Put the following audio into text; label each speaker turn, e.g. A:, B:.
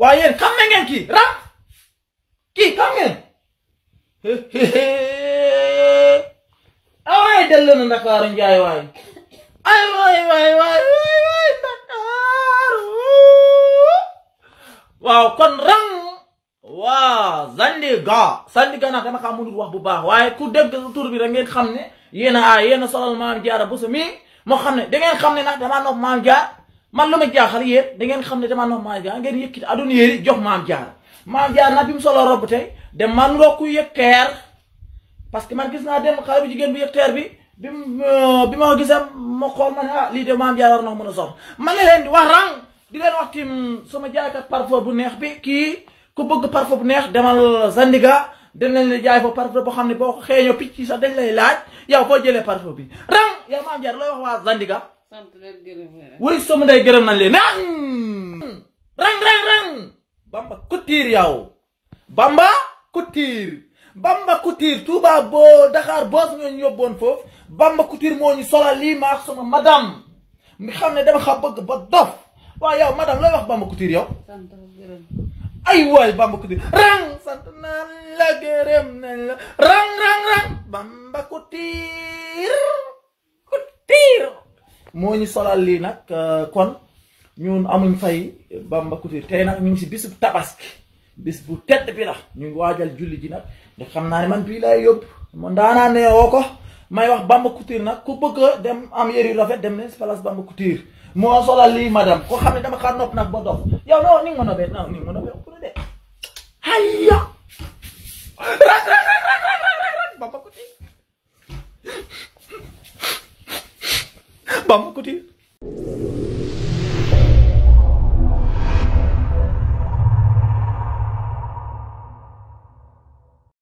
A: waa yéen xam na ngeen kii ram kii xam ngeen awaay dellu na Ndakaaru njaay waay ay waay waay waay waay waay Ndakaaru waaw kon ram waaw Zandiga Zandiga nag dama xam mënul wax bu baax waaye ku dégg tur bi rek ngeen xam ne yéen a ah yéen a maam jaara bu su mi moo xam ne da ngeen xam ne nag damaa nopp maam jaar man lu ma jaaxal yéen da ngeen xam ne damaa nox maam jaar ngeen yëkkati aduna yéeri jox maam jaar maam jaar nag bi mu solo robb tey dem man loo ku yëg teer parce que man gis naa dem xale bu jigéen bu yëg teer bi bi bi ma gisee ma man a ah, lii de maam jaar war na mën a sol man la leen di wax rang di leen wax tim sama jaaykat parfum bu neex bi kii ku bëgg parfum bu neex demal Sandiga danañ ne jaay fa parfum boo xam ne boo xeeñoo picc sax dañ laaj yow foo jëlee parfum bi rang yow maam jaar looy wax waa Sandiga wuy soo mu ndey gërëm nañ leen rang rang rang bamba kutiir yow bamba kutiir bamba kutiir Touba boo Dakar boos ñoo ñu yóbboon foofu bamba kutiir moo ñu solal lii maa sama madame mi xam ne dama xam bëgg ba dof waaw yow madame looy wax bamba kutiir yow ay waay bamba kutiir rang sant naan la gërëm nañ la rang rang bamba kutiir moo ñu solal lii nag euh, kon ñun amuñ fay Bamba Couture tey nag ñu ngi si bisu tabaski bis bu tedd bi la ñu waajal julli ji nag ndax xam naa ne man bii laay yóbbu man daanaa ne woo ko may wax Bamba Couture nag ku bëgg dem am yëri rafet dem ne si place Bamba Couture moo solal lii madame ko xam ne dama xaar nopp nag ba dof yow non ni nga ma nobee ni nga ma nobee de ba mu ko